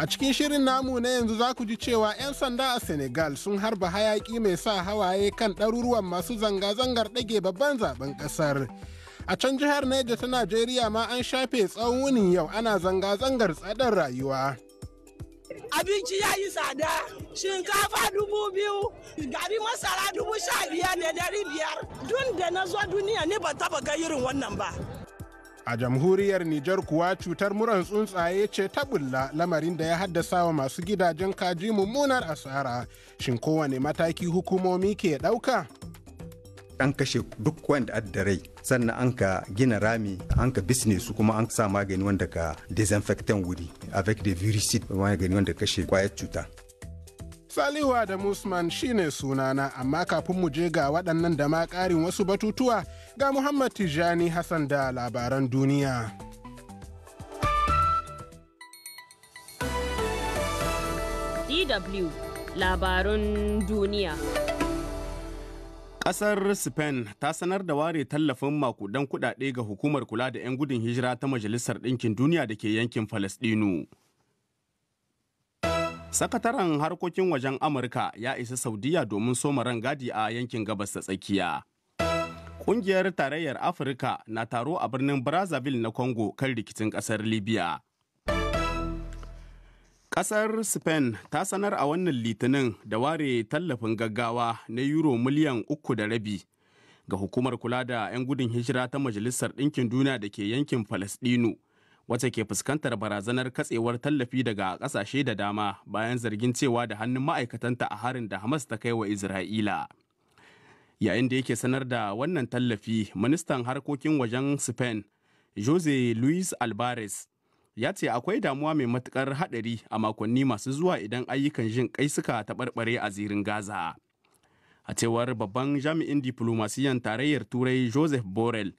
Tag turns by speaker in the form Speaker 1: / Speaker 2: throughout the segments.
Speaker 1: A cikin shirin namu na yanzu za ku ji cewa 'yan sanda a Senegal sun harba hayaki mai sa hawaye kan ɗaruruwan masu zanga-zangar ɗage babban zaben ƙasar. A can jihar Neja ta Najeriya ma an shafe tsawon wunin yau ana zanga-zangar tsadar rayuwa.
Speaker 2: abinci ya yi tsada shinkafa dubu biyu gari masara dubu sha biyar da dari biyar dun da na zo duniya ne ba taba ga irin wannan ba
Speaker 1: a jamhuriyar nijar kuwa cutar muran tsuntsaye ce ta bulla lamarin da ya haddasa wa masu gidajen kaji mummunar asara shin kowane mataki hukumomi ke ɗauka
Speaker 3: an kashe duk wanda adda rai sannan an ka gina rami an ka su kuma an sa magani wanda ka disinfectant wuri avec de virus wanda kashe kwayar cuta
Speaker 1: Salihu da musman shine sunana amma kafin mu je ga waɗannan da ma ƙarin wasu batutuwa ga Muhammad Tijani Hassan da labaran duniya.
Speaker 4: DW labarun duniya.
Speaker 5: Ƙasar Spain ta sanar da ware tallafin makudan kuɗaɗe ga hukumar kula da 'yan gudun hijira ta Majalisar Ɗinkin Duniya da ke yankin Falasɗinu. Sakataren harkokin wajen Amurka ya isa Saudiya domin soma ran gadi a yankin gabas ta tsakiya. Ƙungiyar Tarayyar Afirka na taro a birnin Brazzaville na Congo kan rikicin ƙasar Libya. Ƙasar Spain ta sanar a wannan litinin da ware tallafin gaggawa na euro miliyan uku da rabi ga hukumar kula da 'yan gudun hijira ta Majalisar Ɗinkin Duniya da ke yankin Falasɗinu. wacce ke fuskantar barazanar katsewar tallafi daga ƙasashe da dama bayan zargin cewa da hannun ma'aikatanta a harin da Hamas ta kai wa Isra'ila. Yayin da yake sanar da wannan tallafi, ministan harkokin wajen Spain, Jose Luis Alvarez, ya ce akwai damuwa mai matukar haɗari a makonni masu zuwa idan ayyukan jin kai suka taɓarɓare a zirin Gaza. A cewar babban jami'in diplomasiyan tarayyar Turai Joseph Borrell,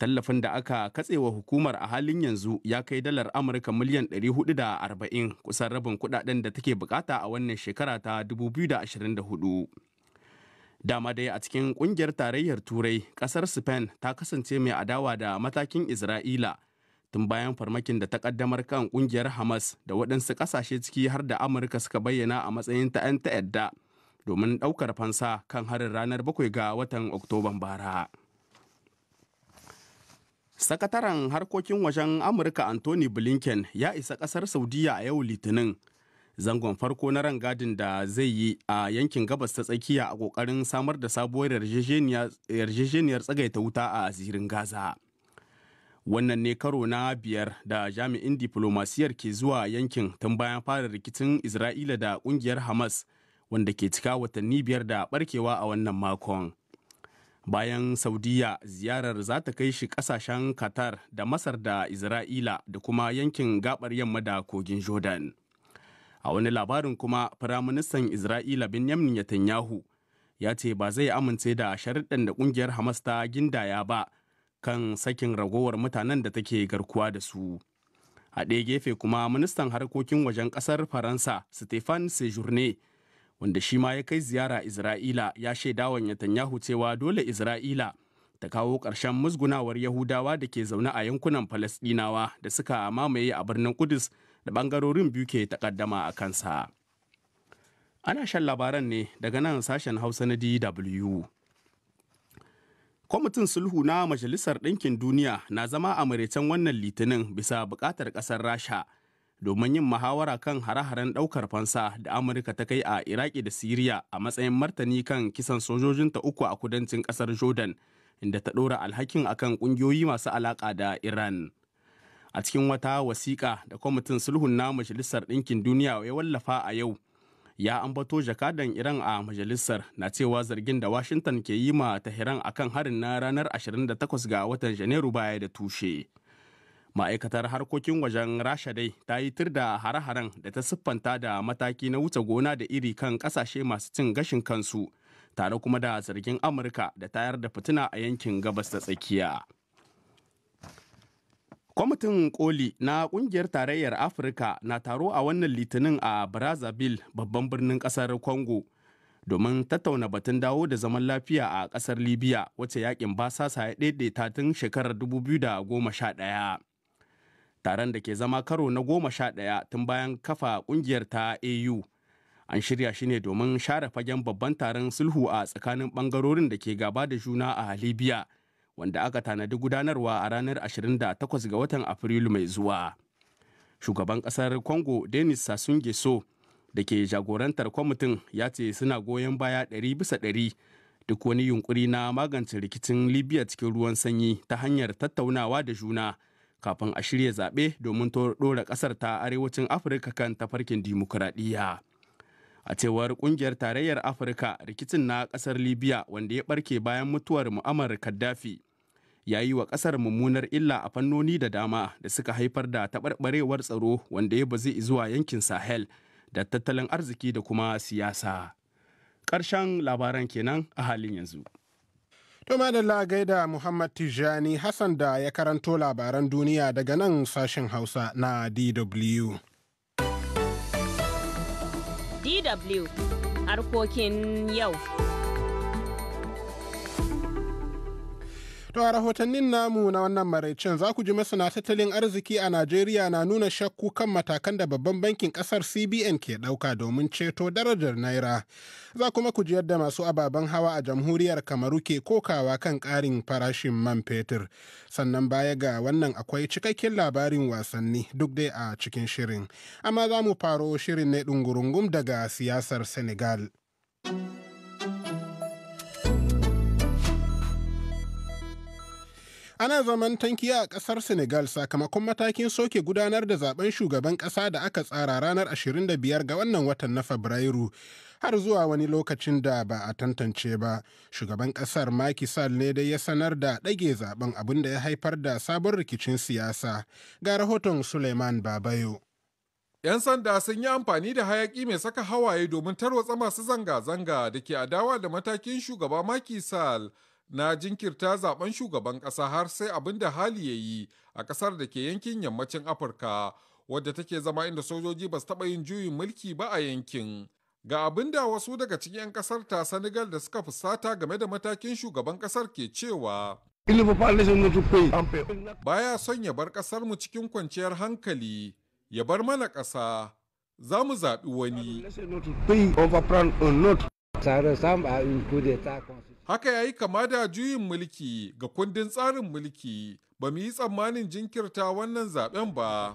Speaker 5: tallafin da aka katsewa hukumar a halin yanzu ya kai dalar amurka miliyan 440 kusan rabin kudaden da take bukata a wannan shekara ta 2024 dama dai a cikin kungiyar tarayyar turai kasar spain ta kasance mai adawa da matakin isra'ila tun bayan farmakin da ta kaddamar kan kungiyar hamas da waɗansu ƙasashe ciki har da amurka suka bayyana a matsayin ta 'yan ta'adda domin ɗaukar fansa kan harin ranar bakwai ga watan oktoban bara. Sakataren harkokin wajen Amurka Anthony Blinken ya isa ƙasar Saudiya a yau Litinin. Zangon farko na rangadin da zai yi a yankin gabas ta tsakiya a ƙoƙarin samar da sabuwar yarjejeniyar tsagaita wuta a asirin Gaza. Wannan ne karo na biyar da jami'in diplomasiyar ke zuwa yankin tun bayan fara rikicin Isra'ila da ƙungiyar Hamas wanda ke cika watanni biyar da ɓarkewa a wannan makon. bayan saudiya ziyarar za ta kai shi kasashen qatar da masar da isra'ila da kuma yankin gabar yamma da kogin jordan a wani labarin kuma firaministan isra'ila benjamin netanyahu ya ce ba zai amince da sharuɗan da ƙungiyar hamas ta gindaya ba kan sakin ragowar mutanen da take garkuwa da su a ɗaya gefe kuma ministan harkokin wajen ƙasar faransa stefan sejourne wanda shi ma ya kai ziyara Isra'ila ya wa Netanyahu cewa dole Isra'ila ta kawo ƙarshen musgunawar Yahudawa da ke zaune a yankunan Falasɗinawa da suka mamaye a birnin Kudus da ɓangarorin biyu ke takaddama a kansa. Ana shan labaran ne daga nan sashen Hausa na DW. Kwamitin sulhu na Majalisar Ɗinkin Duniya na zama a wannan litinin bisa buƙatar ƙasar Rasha. domin yin muhawara kan hare-haren ɗaukar fansa da amurka ta kai a iraki da siriya a matsayin martani kan kisan sojojinta uku a kudancin kasar jordan inda ta ɗora alhakin akan ƙungiyoyi masu alaƙa da iran a cikin wata wasiƙa da kwamitin sulhun na majalisar ɗinkin duniya ya wallafa a yau ya ambato jakadan iran a majalisar na cewa zargin da washington ke yi ma tahiran akan harin na ranar 28 ga watan janairu baya da tushe ma'aikatar harkokin wajen rasha dai ta yi tir da hare-haren da ta siffanta da mataki na wuce gona da iri kan kasashe masu cin gashin kansu tare kuma da zargin amurka da tayar da fitina a yankin gabas ta tsakiya kwamitin koli na kungiyar tarayyar afirka na taro a wannan litinin a brazzaville babban birnin kasar congo domin tattauna batun dawo da zaman lafiya a kasar libya wacce yakin basasa ya daidaita tun shekarar 2011 taron da ke zama karo na goma sha ɗaya tun bayan kafa ƙungiyar ta au an shirya shi ne domin share fagen babban taron sulhu a tsakanin ɓangarorin da ke gaba da juna a libya wanda aka tanadi gudanarwa a ranar 28 ga watan afrilu mai zuwa shugaban ƙasar congo denis sassou nguesso da ke jagorantar kwamitin ya ce suna goyon baya 100 bisa 100 duk wani yunkuri na magance rikicin libya cikin ruwan sanyi ta hanyar tattaunawa da juna kafin a shirya zaɓe domin ɗora ƙasar ta arewacin afirka kan tafarkin dimokuraɗiyya a cewar ƙungiyar tarayyar afirka rikicin na ƙasar libya wanda ya ɓarke bayan mutuwar mu'amar kaddafi ya yi wa ƙasar mummunar illa a fannoni da dama da suka haifar da taɓarɓarewar tsaro wanda ya bazi zuwa yankin sahel da tattalin arziki da kuma siyasa ƙarshen labaran kenan a halin yanzu
Speaker 1: To madalla gaida Muhammad Tijjani Hassan da ya karanto labaran duniya daga nan sashen Hausa na DW.
Speaker 5: DW harkokin yau.
Speaker 1: To a rahotannin namu na wannan maraicin za ku ji masana tattalin arziki a Najeriya na nuna shakku kan matakan da babban bankin kasar CBN ke ɗauka domin ceto darajar Naira. Za kuma ku ji yadda masu ababen hawa a jamhuriyar Kamaru ke kokawa kan ƙarin farashin man fetur. Sannan baya ga wannan akwai cikakken labarin wasanni duk dai a cikin shirin. Amma za mu faro shirin ne ɗungurungum daga siyasar Senegal. ana zaman tankiya a kasar senegal sakamakon matakin soke gudanar da zaben shugaban kasa da aka tsara ranar 25 ga wannan watan na fabrairu har zuwa wani lokacin da ba a tantance ba shugaban kasar Macky Sall ne dai ya sanar da ɗage zaben abin da ya haifar da sabon rikicin siyasa ga rahoton suleiman babayo
Speaker 6: 'Yan sanda sun yi amfani da hayaki mai saka hawaye domin tarwatsa masu zanga-zanga da ke adawa da matakin shugaba makisal. na jinkirta zaben shugaban ƙasa har sai abin da hali ya yi a ƙasar da ke yankin yammacin Afirka wadda take zama inda sojoji ba su taɓa yin juyin mulki ba a yankin. Ga abin da wasu daga cikin 'yan ƙasar ta Senegal da suka fusata game da matakin shugaban ƙasar ke cewa. Baya son ya bar kasar mu cikin kwanciyar hankali, ya bar mana ƙasa, za mu zaɓi wani. Haka ya yi kama da juyin mulki ga kundin tsarin mulki ba mu yi tsammanin jinkirta wannan zaben ba.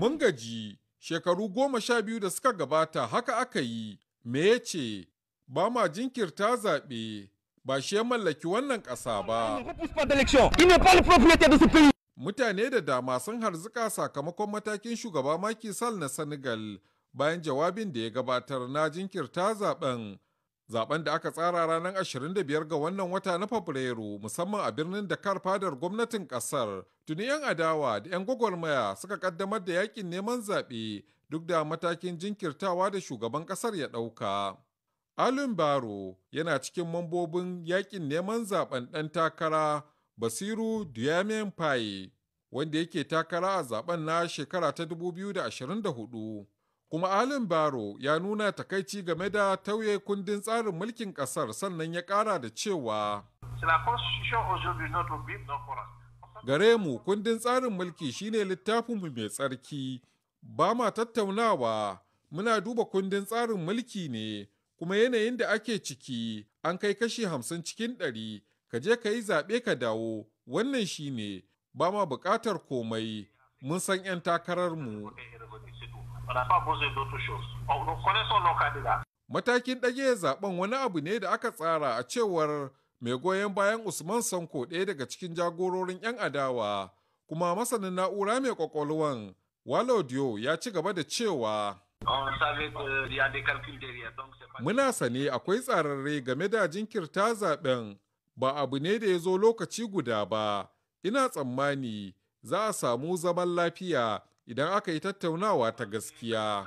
Speaker 6: Mun gaji shekaru goma sha biyu da suka gabata haka aka yi, me ya ce, ba ma jinkirta zaɓe ba shi ya mallaki wannan ƙasa ba. Mutane da dama sun harzuka sakamakon matakin shugaba maki Sal na Senegal bayan jawabin da ya gabatar na jinkirta zaben zaben da aka tsara ranar 25 ga wannan wata na fabrairu musamman a birnin dakar fadar gwamnatin kasar tuni 'yan adawa da 'yan gwagwarmaya suka kaddamar da yakin neman zaɓe duk da matakin jinkirtawa da shugaban kasar ya ɗauka alun baro yana cikin mambobin yakin neman zaben ɗan takara basiru duyamen pai wanda yake takara a zaben na shekara ta 2024 kuma alin baro ya nuna takaici game da tauye kundin tsarin mulkin kasar sannan ya kara da cewa gare mu kundin tsarin mulki shine littafinmu mai tsarki ba ma tattaunawa muna duba kundin tsarin mulki ne kuma yanayin da ake ciki an kai kashi hamsin cikin ɗari ka je ka yi zaɓe ka dawo wannan shine ba ma buƙatar komai mun san 'yan takararmu Matakin ɗage zaben wani abu ne da aka tsara a cewar mai goyon bayan Usman Sanko ɗaya daga cikin jagororin 'yan adawa kuma masanin na'ura mai kwakwalwan Walodio ya ci gaba da cewa
Speaker 2: euh,
Speaker 6: Muna sane akwai tsararre game da jinkirta zaben ba abu ne da ya zo lokaci guda ba, ina tsammani za a samu zaman lafiya idan aka yi tattaunawa ta gaskiya.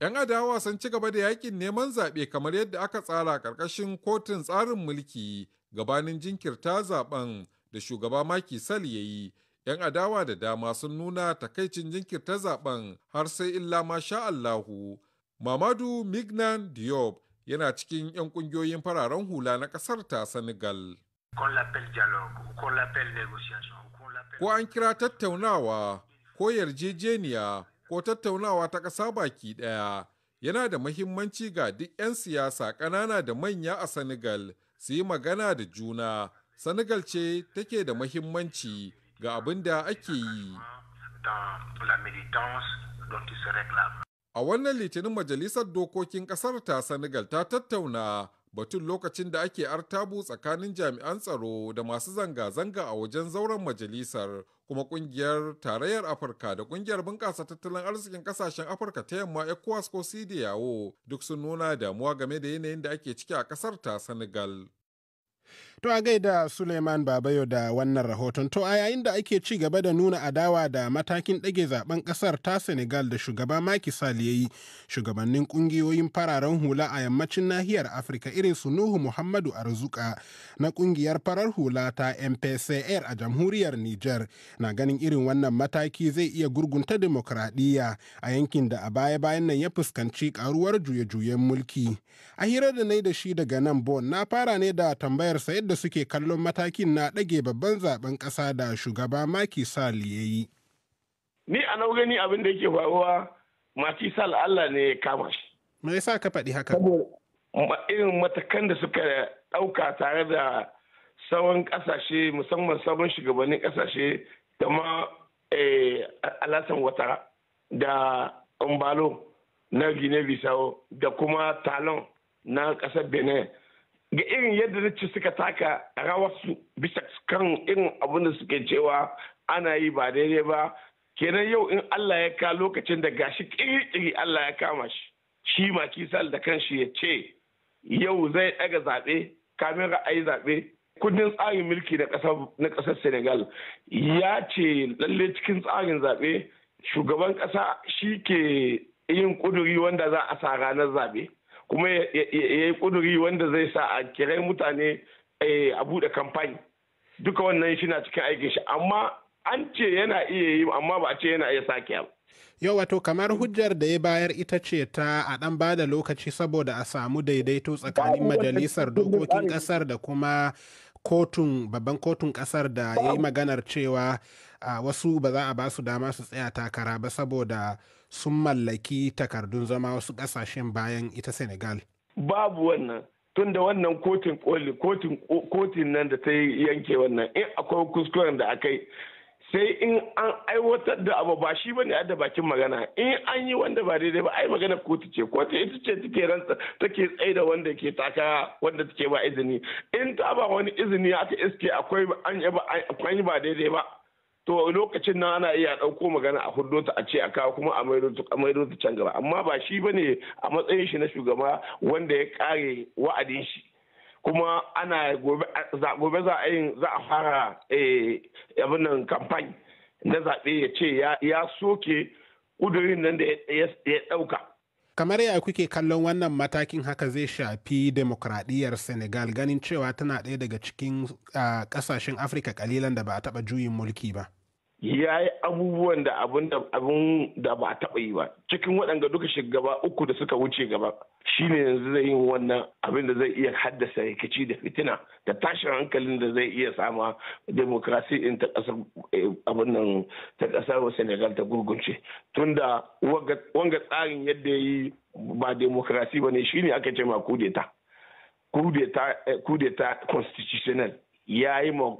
Speaker 6: 'Yan adawa sun ci gaba da yakin neman zaɓe kamar yadda aka tsara ƙarƙashin kotun tsarin mulki gabanin jinkirta zaben da shugaba Maki sal ya yi. 'Yan adawa da dama sun nuna takaicin jinkirta zaben har sai illa masha Allahu. Mamadu Mignan Diop yana cikin 'yan kungiyoyin fararen hula na ƙasar ta Senegal. ko an kira tattaunawa ko yarjejeniya ko tattaunawa ta ƙasa baki ɗaya yana da mahimmanci ga duk 'yan siyasa ƙanana da manya a Senegal su yi magana da juna. Senegal ce take da mahimmanci ga abin da ake yi. A wannan litinin majalisar dokokin ƙasar ta Senegal ta tattauna batun lokacin da ake artabu tsakanin jami'an tsaro da masu zanga-zanga a wajen zauren majalisar kuma kungiyar tarayyar afirka da kungiyar bunƙasa tattalin arzikin ƙasashen afirka ta yamma ecowas ko yawo duk sun nuna damuwa game da yanayin da ake ciki a ƙasar ta senegal
Speaker 1: To a gaida Suleiman Babayo da wannan rahoton. To a yayin da ake ci gaba da nuna adawa da matakin ɗage zaben ƙasar ta Senegal da shugaba Macky Sall ya shugabannin ƙungiyoyin fararen hula a yammacin nahiyar Afirka irin su Nuhu Muhammadu Arzuka na ƙungiyar farar hula ta MPCR a jamhuriyar Niger na ganin irin wannan mataki zai iya gurgunta demokradiyya a yankin da a baya-bayan nan ya fuskanci ƙaruwar juye-juyen mulki. A hira da na da shi daga nan Bon na fara ne da tambayar sayar waɗanda suke kallon matakin na ɗage babban zaben ƙasa da shugaba Maki Sall ya yi.
Speaker 4: Ni a nau gani abin da yake faruwa Maki Sall Allah ne ya kama shi.
Speaker 1: Me yasa ka faɗi haka?
Speaker 4: irin matakan da suka ɗauka tare da sauran ƙasashe musamman sabon shugabannin ƙasashe da ma eh, alasan watara da umbalo na guinea bissau da kuma talon na ƙasar benin ga irin yadda na ci suka taka rawarsu bisa kan irin abin da suke cewa ana yi ba daidai ba kenan yau in Allah ya ka lokacin da gashi kiri-kiri Allah ya kama shi shi ma kisal da kanshi ya ce yau zai daga zaɓe kamin ra'ayi zaɓe kundin tsarin mulki na ƙasar senegal ya ce lalle cikin tsarin zaɓe shugaban ƙasa shi ke yin ƙuduri wanda za a sa ranar zaɓe kuma ya yi kuduri wanda zai sa a kira mutane eh, a buɗe kamfani duka wannan shi na cikin aikin shi amma an ce yana iya yi amma ba a ce yana iya sake ba.
Speaker 1: Yau wato kamar hujjar da ya bayar ita ce ta a dan ba da lokaci saboda a samu daidaito tsakanin majalisar dokokin kasar da kuma kotun babban kotun kasar da ya yi maganar cewa wasu ba za a ba su dama su tsaya takara ba saboda sun mallaki takardun zama wasu ƙasashen bayan ita senegal
Speaker 4: babu wannan tun da wannan kotun koli kotun nan da ta yanke wannan in akwai kuskuren da aka yi sai in an aiwatar da abu ba shi ne da bakin magana in an yi wanda ba daidai ba ai magana kotu ce kotu ita ce take rantsa take tsaye da wanda ke taka wanda take ba izini in ta ba wani izini aka iske akwai an yi ba daidai ba to lokacin nan ana iya ɗauko magana a hurdo ta a ce a kawo kuma a maido ta can gaba amma ba shi ba ne a matsayin shi na shugaba wanda ya kare wa'adin shi kuma ana gobe za a yin za a fara eh, abin nan kamfani na zaɓe ya ce ya soke ƙudurin nan da ya ɗauka
Speaker 1: kamar ya kuke kallon wannan matakin haka zai shafi demokradiyyar senegal ganin cewa tana ɗaya daga cikin kasashen ah, afirka kalilan da ba a taɓa juyin mulki ba
Speaker 4: ya yi abubuwan da abin da abin ba a taɓa yi ba cikin waɗanda duka shugaba uku da suka wuce gaba shine yanzu zai yi wannan abin da zai iya haddasa rikici da fitina da tashin hankalin da zai iya sama demokrasi in ta ƙasar eh, abin nan ta ƙasar senegal ta gurgunce tunda wanga tsarin yadda ya yi ba demokrasi ba ne shine aka ce ma kudeta kudeta eh, constitutional ya yi ma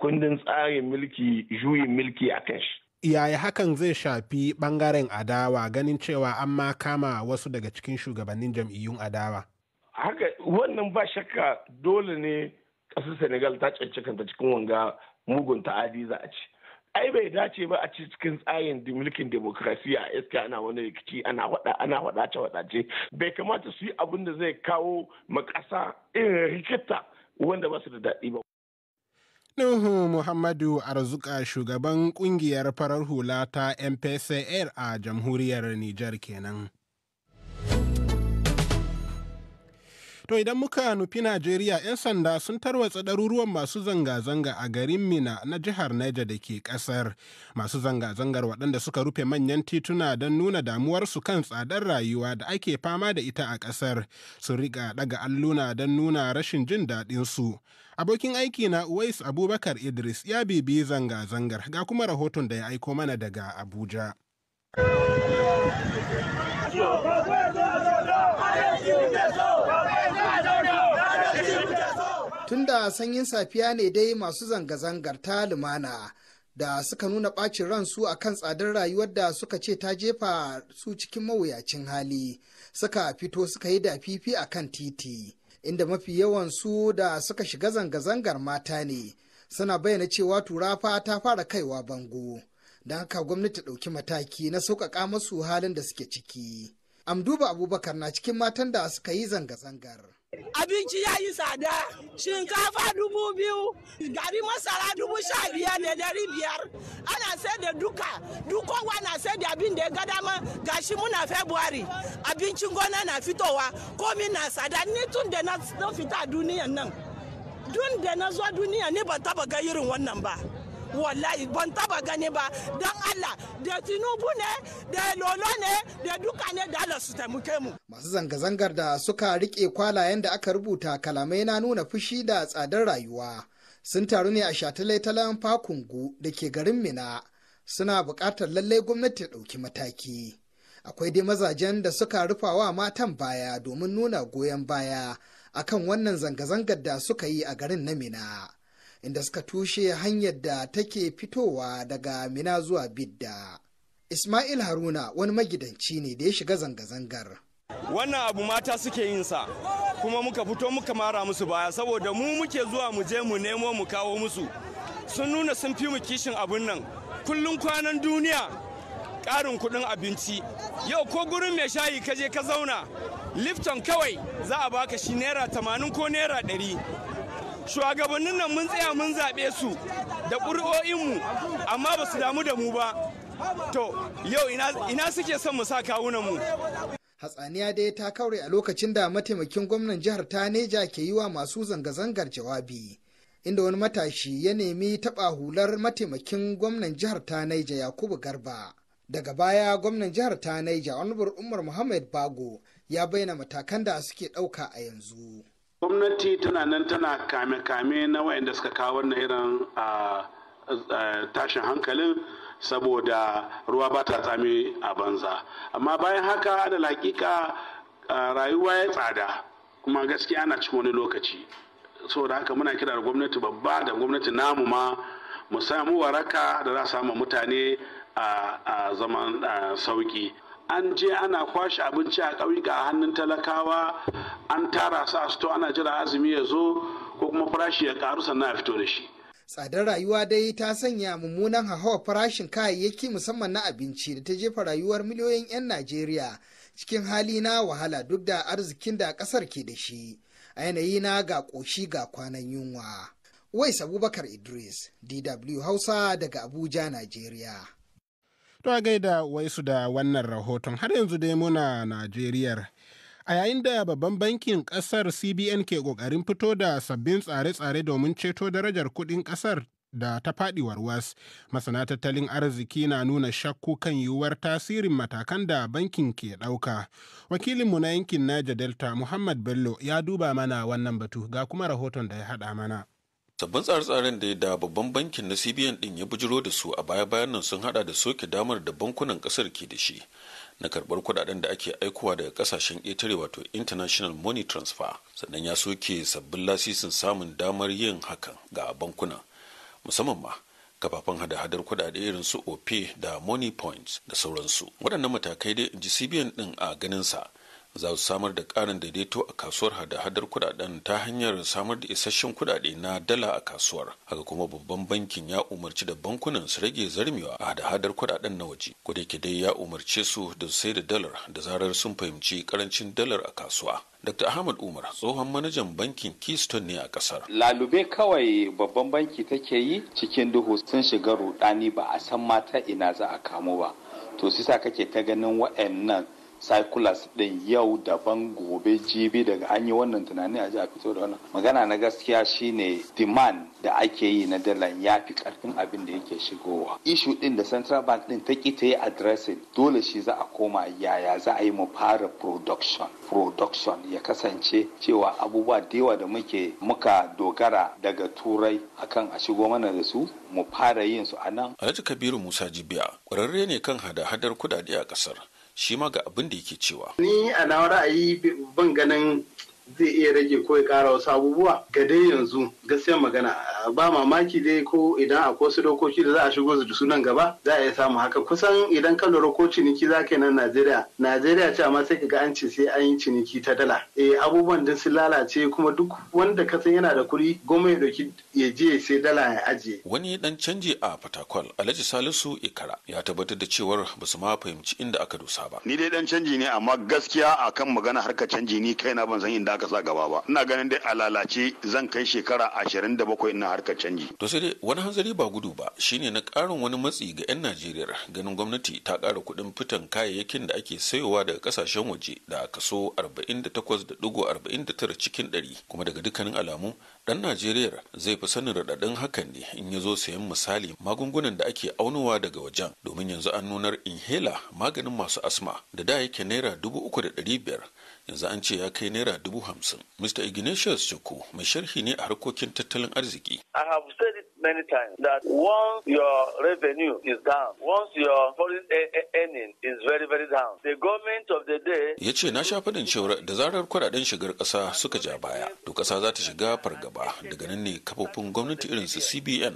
Speaker 4: kundin tsarin mulki juyin mulki a kan
Speaker 1: shi yaya hakan zai shafi bangaren adawa ganin cewa an ma kama wasu daga cikin shugabannin jam'iyyun adawa
Speaker 4: haka wannan ba shakka dole ne ƙasar senegal ta cance kanta cikin wanga mugun ta'adi za a ci ai bai dace ba a ci cikin tsarin mulkin demokrasiya a iska ana wani rikici ana wada ana wadace wadace bai kamata su yi abin da zai kawo ma ƙasa irin rikita wanda ba su da daɗi ba
Speaker 1: Nuhu Muhammadu Arzuka shugaban kungiyar farar hula ta MPCR a jamhuriyar Nijar kenan. To idan muka nufi Najeriya 'yan sanda sun tarwatsa ɗaruruwan masu zanga-zanga a garin Mina na jihar Niger da ke ƙasar. Masu zanga-zangar waɗanda suka rufe manyan tituna don nuna damuwarsu kan tsadar rayuwa da ake fama da ita a ƙasar sun riƙa ɗaga alluna don nuna rashin jin daɗin su Abokin aiki na Uwais Abubakar Idris ya bibi zanga-zangar ga kuma rahoton da ya aiko mana daga Abuja.
Speaker 7: tunda sanyin safiya ne dai masu zanga-zangar ta lumana da suka nuna ɓacin ransu a kan tsadar rayuwar da suka ce ta jefa su cikin mawuyacin hali suka fito suka yi dafifi a kan titi inda mafi yawan su da suka shiga zanga-zangar mata ne suna bayyana cewa turafa ta fara kaiwa bango don haka gwamnati ɗauki mataki na sauƙaƙa masu halin da suke ciki. Amduba Abubakar na cikin matan da suka yi zanga-zangar.
Speaker 2: Abinci ya yi tsada, shinkafa dubu biyu, gari masara dubu sha biyar da dari biyar. Ana sai da duka, dukowa na sai da abin da ya gada ma gashi muna Februari. Abincin gona na fitowa, komi na tsada, ni tun da na fita duniyan nan. Dun da na zo duniya ni ban taba ga irin wannan ba. wallahi ban taba gani ba don Allah da tinubu ne da lolo ne da duka ne da Allah su taimake mu.
Speaker 7: Masu zanga-zangar da suka riƙe kwalayen da aka rubuta kalamai na nuna fushi da tsadar rayuwa sun taru ne a shataletalen fakungu da ke garin Mina suna buƙatar lallai gwamnati ta ɗauki mataki. Akwai dai mazajen da suka rufawa matan baya domin nuna goyon baya akan wannan zanga-zangar da suka yi a garin na Mina. inda suka tushe hanyar da take fitowa daga mina zuwa bidda ismail haruna wani magidanci ne da ya shiga zanga-zangar
Speaker 5: wannan abu mata suke yin sa kuma muka fito muka mara musu baya saboda mu muke zuwa mu je mu nemo mu kawo musu sun nuna sun fi mu kishin abun nan kullum kwanan duniya ƙarin kuɗin abinci yau ko gurin mai shayi ka je ka zauna lifton kawai za a baka shi naira tamanin ko naira ɗari shugabannin nan mun tsaya mun zaɓe su da ƙuri'o'inmu amma ba su damu da mu ba to yau ina suke son mu sa kawunanmu
Speaker 7: hatsaniya dai ta kaure a lokacin da mataimakin gwamnan jihar ta neja ke yi wa masu zanga-zangar jawabi inda wani matashi ya nemi taɓa hular mataimakin gwamnan jihar ta neja yakubu garba daga baya gwamnan jihar ta neja wani umar muhammad bago ya bayyana matakan da suke ɗauka a yanzu
Speaker 1: gwamnati tana nan tana kame-kame na wayanda suka kawo wannan irin tashin hankalin saboda ruwa ba ta tsami a banza amma bayan haka da hakika rayuwa ya tsada kuma gaskiya ana cikin wani lokaci saboda haka muna kira da gwamnati babba da gwamnati namu ma mu samu waraka da za samu mutane a zaman sauki an je ana kwashe abinci a ƙauyuka a hannun talakawa an tara su a sito ana jira azumi ya zo ko kuma farashi ya ƙaru sannan a fito da shi.
Speaker 7: tsadar rayuwa dai ta sanya mummunan hauhawar farashin kayayyaki musamman na abinci da ta jefa rayuwar miliyoyin 'yan najeriya cikin hali na wahala duk da arzikin da ƙasar ke da shi a yanayi na ga ƙoshi ga kwanan yunwa. wai Abubakar Idris, DW Hausa daga Abuja, Najeriya.
Speaker 1: To a gaida waisu da wannan rahoton har yanzu dai muna Najeriyar. A yayin da babban bankin kasar CBN ke kokarin fito da sabbin tsare-tsare domin ceto darajar kuɗin kasar da ta faɗi warwas, masana tattalin arziki na nuna shakku kan yiwuwar tasirin matakan da bankin ke ɗauka. Wakilinmu na yankin Niger Delta Muhammad Bello ya duba mana wannan batu ga kuma rahoton da ya haɗa mana.
Speaker 8: sabbin tsare-tsaren da da babban bankin na cbn din ya bujiro da su a baya-bayan nan sun hada da soke damar da bankunan kasar ke da shi na karbar kudaden da ake aikowa daga kasashen ƙetare wato international money transfer sannan ya soke sabbin lasisin samun damar yin hakan ga bankunan musamman ma kafafen hada-hadar kudade irin su op da money points da sauransu waɗannan matakai dai in ji cbn din a ganinsa za su samar da ƙarin daidaito a kasuwar hada-hadar kudaden ta hanyar samar da isasshen kudade na dala a kasuwar haka kuma babban bankin ya umarci da bankunan su rage zarmewa a hada-hadar kudaden na waje kodayake dai ya umarce su da sai da dalar da zarar sun fahimci karancin dalar a kasuwa Dr. Ahmad Umar tsohon manajan bankin Keystone ne a kasar.
Speaker 3: Lalube kawai babban banki take yi cikin duhu sun shiga rudani ba a san mata ina za a kamo ba. To sisa kake ta ganin waɗannan cycles din yau daban gobe jibi daga an yi wannan tunani a ji a fito da wannan magana na gaskiya shine demand da ake yi na dalan ya fi karfin abin da yake shigowa ishu din da central bank din ta ki ta yi addressing dole shi za a koma yaya za a yi mu fara production production ya kasance cewa abubuwa da yawa da muke muka dogara daga turai akan a shigo mana da su mu fara yin su a nan
Speaker 8: alhaji kabiru musa jibiya kwararre ne kan hada-hadar kudade a ƙasar? shi ma ga abin da yake cewa.
Speaker 3: Ni a na ra'ayi ban ganin zai iya rage ko ya kara wasu abubuwa ga dai yanzu gaskiya magana ba mamaki dai
Speaker 5: ko idan a wasu dokoki da za a shigo da su nan gaba za a iya samu haka kusan idan ka lura ko ciniki za ka yi nan najeriya najeriya ce amma sai ka ga an ce sai an yi ciniki ta dala eh abubuwan
Speaker 7: da sun lalace kuma duk wanda ka san yana da kuɗi goma ya dauki ya je sai dala ya
Speaker 8: ajiye. wani dan canji a fatakwal alhaji salisu ikara ya tabbatar da cewar ba su ma fahimci inda aka dosa ba.
Speaker 4: ni dai dan canji ne amma gaskiya akan magana harkar canji ni kaina ban san inda aka sa gaba ba ina ganin dai a lalace zan kai shekara ashirin da bakwai ina harkar canji
Speaker 8: to sai dai wani hanzari ba gudu ba shine na karin wani matsi ga 'yan najeriya ganin gwamnati ta kara kudin fitan kayayyakin da ake sayowa daga kasashen waje da kaso 48.49 cikin 100 kuma daga dukkanin alamu dan najeriya zai fi sanin radadin hakan ne in ya zo sayan misali magungunan da ake aunowa daga wajen domin yanzu an nunar inhaler maganin masu asma da da yake naira dubu da biyar yanzu an ce ya kai naira dubu hamsin. Mr. Ignatius Chukwu mai sharhi ne a harkokin tattalin arziki. I
Speaker 4: have said it many times that once your revenue is down, once your foreign e, e, earning is very very down, the government of the day.
Speaker 8: Ya ce na sha faɗin cewar da zarar kuɗaɗen shigar ƙasa suka ja baya, to ƙasa za ta shiga fargaba daga nan ne kafofin gwamnati irin su CBN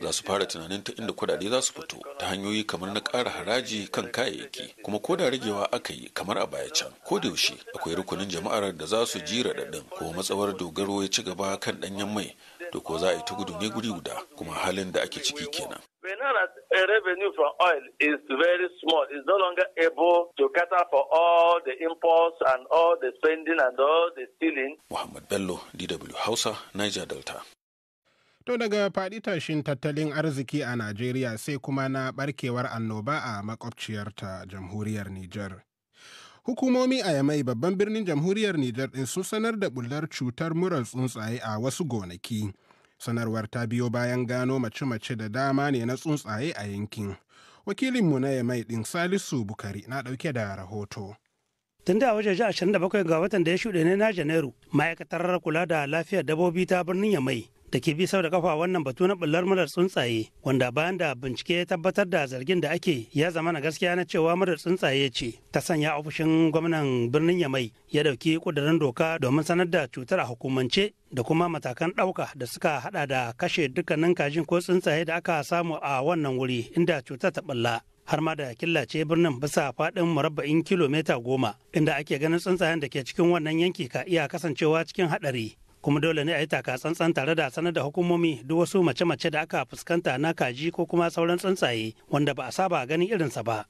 Speaker 8: za su fara tunanin ta inda kudade za su fito ta hanyoyi kamar na ƙara haraji kan kayayyaki kuma ko da ragewa aka yi kamar a baya can ko da yaushe akwai rukunin jama'ar da za su jira raɗaɗin ko matsawar dogaro ya ci gaba kan ɗanyen mai to ko za a yi ta gudu ne guri guda kuma halin da ake ciki kenan.
Speaker 4: revenue from oil is very small. It's no longer able to cater for all the imports and all the spending and all the
Speaker 8: stealing. Muhammad Bello, DW Hausa, Niger Delta.
Speaker 1: To daga faɗi tashin tattalin arziki a Najeriya sai kuma na barkewar annoba a makwabciyarta jamhuriyar Nijar. Hukumomi a Yamai babban birnin jamhuriyar Nijar ɗin sun sanar da bullar cutar murar tsuntsaye a wasu gonaki. Sanarwar ta biyo bayan gano mace-mace da dama ne na tsuntsaye a yankin. Wakilinmu na Yamai ɗin Salisu
Speaker 2: Bukari na ɗauke da rahoto. tun da waje 27 ga watan da ya shuɗe ne na janairu ma'aikatar kula da lafiyar dabbobi ta birnin yamai da ke bi sau da kafa wannan batu na bullar murar tsuntsaye wanda bayan da bincike ya tabbatar da zargin da ake ya zama na gaskiya na cewa murar tsuntsaye ce ta sanya ofishin gwamnan birnin yamai ya dauki kudirin doka domin sanar da cutar a hukumance da kuma matakan ɗauka da suka hada da kashe dukkanin kajin ko tsuntsaye da aka samu a wannan wuri inda cutar ta bulla har ma da killace birnin bisa faɗin murabba'in kilomita goma inda ake ganin tsuntsayen da ke cikin wannan yanki ka iya kasancewa cikin haɗari kuma dole ne a yi taka tsantsan tare da sanar da hukumomi duk wasu mace-mace da aka fuskanta na kaji ko kuma sauran tsuntsaye wanda ba a saba ganin irinsa ba.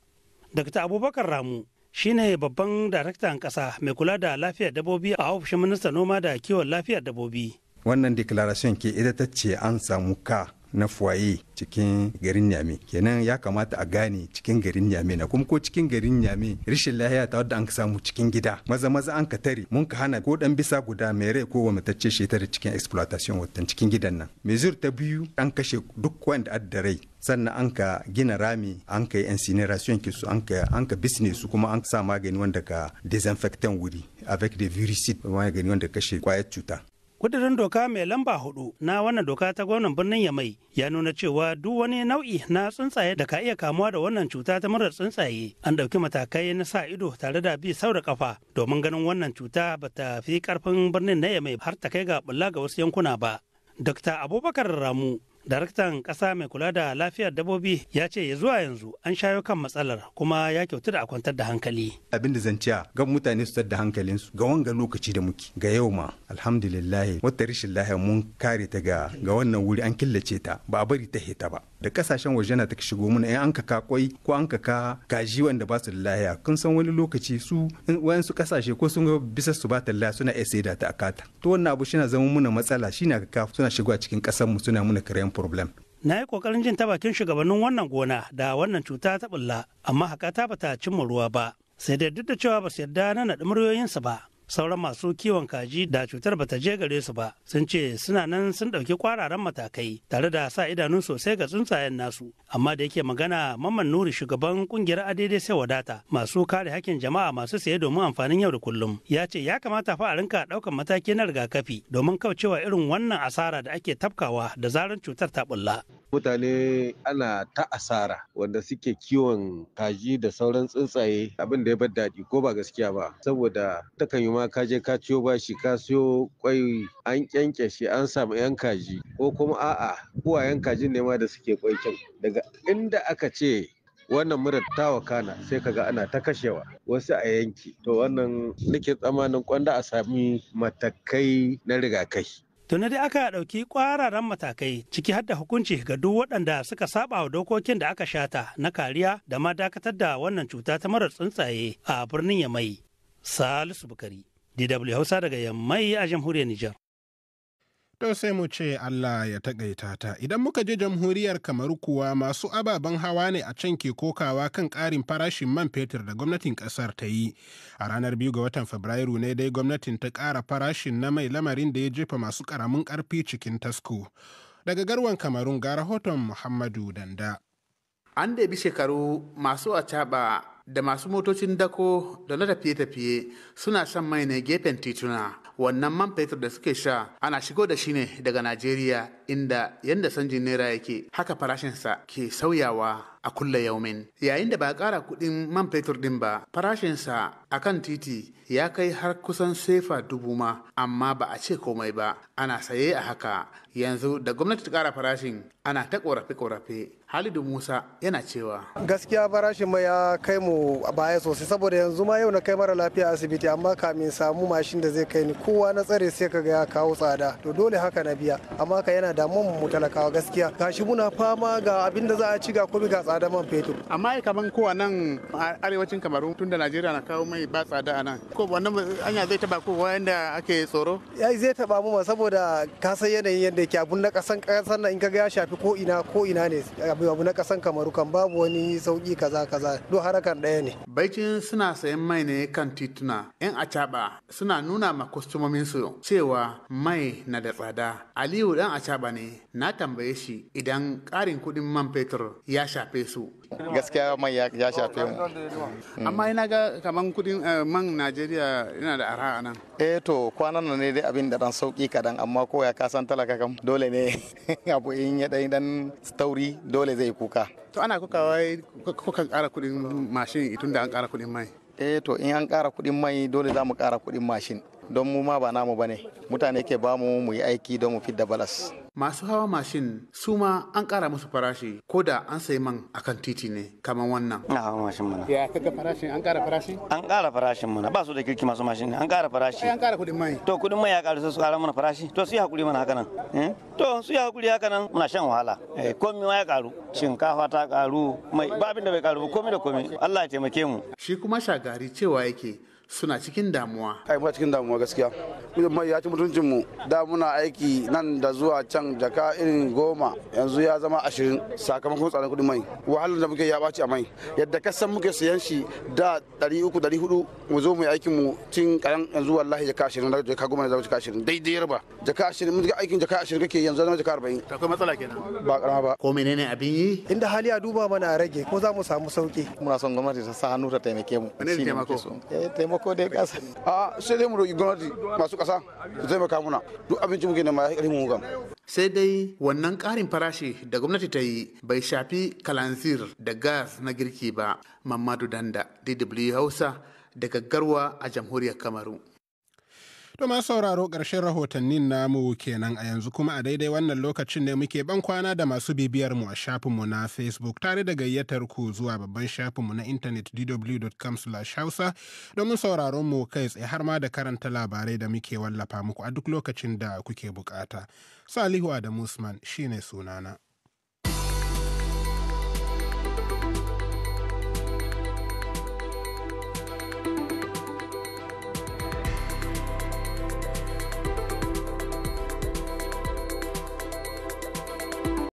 Speaker 2: Dr. Abubakar Ramu shine babban daraktan ƙasa mai kula da lafiyar dabbobi a ofishin Minista noma da kiwon lafiyar dabbobi.
Speaker 3: Wannan declaration ke ita ta ce an samu ka na fuwaye cikin garin nyame kenan ya kamata a gane cikin garin nyame na kuma ko cikin garin nyame rashin lahiya ta wadda an samu cikin gida maza maza an ka tare mun ka hana ko dan bisa guda mai rai ko wani tacce shi tare cikin exploitation watan cikin gidan nan mezur ta biyu an kashe duk wanda adda rai sannan an ka gina rami an ka yi incineration su an ka an business su kuma an sa magani wanda ka disinfectant wuri avec des virus magani wanda kashe kwayar cuta
Speaker 2: kudirin doka mai lamba hudu na wannan doka ta gwamnan birnin yamai ya nuna cewa duk wani nau'i na tsuntsaye da ka iya kamuwa da wannan cuta ta murar tsuntsaye an ɗauki matakai na sa ido tare da bi saura kafa domin ganin wannan cuta ba ta fi karfin birnin na yamai har ta kai ga bulla ga wasu yankuna ba. Dr. Abubakar Ramu daraktan ƙasa mai kula da lafiyar dabbobi ya ce ya zuwa yanzu an shayo kan matsalar kuma ya kyautu da a kwantar da hankali
Speaker 3: abin da zan ciya ga mutane su tar da hankalin su ga wanga lokaci da muke ga yau ma alhamdulillah wata rashin lahiya mun kare ta ga ga wannan wuri an killace ta ba a bari ta heta ba da kasashen waje na ta shigo mana in an ka ka kwai ko an ka ka kaji wanda ba su da lahiya kun san wani lokaci su wayansu kasashe ko sun ga bisa su ba ta lahiya suna iya da ta akata to wannan abu shi na zama muna matsala shi na ka suna shigo a cikin kasar mu suna muna kare problem
Speaker 2: na yi kokarin jin ta bakin shugabannin wannan gona da wannan cuta ta bulla amma haka ta bata cimma ruwa ba sai da duk da cewa ba su yarda na naɗi muryoyinsu ba sauran masu kiwon kaji da cutar bata je gare su ba sun ce suna nan sun ɗauki kwararan matakai tare da sa idanun sosai ga tsuntsayen nasu amma da yake magana mamman nuri shugaban kungiyar adaidai sai wadata masu kare hakkin jama'a masu saye domin amfanin yau da kullum ya ce ya kamata fa a rinka ɗaukan mataki na rigakafi domin kaucewa irin wannan asara da ake tafkawa da zarar cutar ta bulla.
Speaker 3: mutane ana ta asara wanda suke kiwon kaji da sauran tsuntsaye abin da ya bar daɗi ko ba gaskiya ba saboda takan yi ma ka je ka ciyo bashi ka siyo kwai an ƙyanƙyashe an samu yan kaji ko kuma a'a uwayen kajin ne ma da suke kwai kyau daga inda aka ce wannan murar tawa kana sai ka ga ana ta kashewa wasu a yanki to wannan nake tsamanin kwanda a sami matakai na rigakafi
Speaker 2: tuni dai aka ɗauki ƙwararan matakai ciki har da hukunci ga duk waɗanda suka saba wa dokokin da aka shata na kariya da ma dakatar da wannan cuta ta marar tsuntsaye a birnin yamai salisu bukari dw hausa daga yamai a jamhuriyar nijar
Speaker 1: to sai mu ce Allah ya taƙaita ta. Idan muka je jamhuriyar kamar kuwa masu ababen hawa ne a can ke kokawa kan ƙarin farashin man fetur da gwamnatin ƙasar ta yi. A ranar biyu ga watan Fabrairu ne dai gwamnatin ta ƙara farashin na mai lamarin da ya jefa masu ƙaramin ƙarfi cikin tasko. Daga garwan Kamarun ga rahoton Muhammadu Danda.
Speaker 9: An da bi shekaru masu acaɓa da masu motocin dako da na tafiye-tafiye suna shan mai ne gefen tituna. wannan man fetur da suke sha ana shigo da shi ne daga najeriya inda yadda sanjin naira yake haka farashinsa ke sauyawa a kulla yaumin yayin da ba a kara kuɗin man fetur ɗin ba farashinsa a kan titi ya kai har kusan sefa dubu ma amma ba a ce komai ba ana saye a haka yanzu da gwamnati ta kara farashin ana ta ƙorafe-ƙorafe Halidu Musa yana cewa.
Speaker 7: Gaskiya farashin mai ya kai mu a baya sosai saboda yanzu ma yau na kai mara lafiya asibiti amma kamin samu mashin da zai kai ni kowa na tsare sai ka ga ya kawo tsada to dole haka na biya amma ka yana damuwa mu talakawa gaskiya gashi
Speaker 9: muna fama ga abin da za a ci ga kuma ga tsada man fetur amma ai kaman ko nan arewacin kamaru tun da najeriya na kawo mai ba tsada a nan ko wannan anya zai taba ko wanda ake tsoro
Speaker 7: Ya zai taba mu saboda ka san yanayin yadda yake abun na kasan kasan nan in ka ga ya shafi ko ina ko ina ne abu na kasan kamaru kan babu wani sauki kaza kaza do harakan daya ne
Speaker 9: baicin suna sayan mai ne kan tituna yan acaba suna nuna ma kwastomomin su cewa mai na da tsada aliyu dan acaba ne na tambaye shi idan karin kudin man fetur ya shafe su
Speaker 3: gaskiya mai ya shafe
Speaker 9: mu mm. amma ina ga kaman kudin eh, man Najeriya yana da arha nan eh to kwanan
Speaker 7: nan ne dai abin da dan sauki kadan amma ko ya kasan talaka kam dole ne abu in ya dai dan tauri dole zai kuka
Speaker 9: to ana wai kukan kara kudin mashin itun da an kara kudin mai eh to in an kara kudin mai dole za mu kara kudin mashin don mu ma ba namu
Speaker 7: bane mutane ke ba mu mu yi aiki don mu fidda balas
Speaker 9: masu hawa mashin su ma an kara musu farashi ko da an sayi man akan titi ne kamar wannan na hawa mashin mana ya kaga
Speaker 2: farashin an kara farashi an kara farashin mana ba su da kirki masu mashin ne an kara farashi an kara kudin mai to kudin mai ya kara sai su kara mana farashi to su yi hakuri mana haka nan eh? to su yi hakuri haka nan muna shan wahala eh, komai ma ya karu shinkafa ta karu mai babin da bai karu ba komai da komai Allah ya taimake
Speaker 9: mu shi kuma shagari cewa yake suna cikin damuwa. Ai muna cikin damuwa gaskiya. Mai ya ci mutuncin mu da muna aiki nan da zuwa can jaka irin goma yanzu ya zama ashirin sakamakon tsarin kudin mai. Wahalar da muke ya ɓaci a mai. Yadda kasan muke siyan shi da ɗari uku ɗari hudu mu zo mu yi aikin mu cin karan yanzu wallahi jaka ashirin da jaka goma zama jaka ashirin daidai yarba. Jaka ashirin mun ga aikin jaka ashirin kake yanzu zama jaka arba'in. Akwai matsala kenan. Ba karama ba. Ko menene abin yi? Inda hali a duba mana rage ko za mu samu sauki. Muna son gwamnati ta sa hannu ta taimake mu. Menene Taimako eh, taimako dai kasa a sai dai mu roki gwamnati masu ƙasa su taimaka muna duk abinci muke nema ya mu gam sai dai wannan ƙarin farashi da gwamnati ta yi bai shafi kalanzir da gas na girki ba mamadu danda dw hausa daga garwa a jamhuriyar kamaru
Speaker 1: To ma sauraro ƙarshen rahotannin namu kenan a yanzu kuma a daidai wannan lokacin ne muke ban kwana da masu bibiyar mu a shafin mu na Facebook tare da gayyatar ku zuwa babban shafin mu na intanet dwcom hausa domin sauraron mu kai tsaye har ma da karanta labarai da muke wallafa muku a duk lokacin da kuke bukata. Salihu Adamu Usman shine sunana.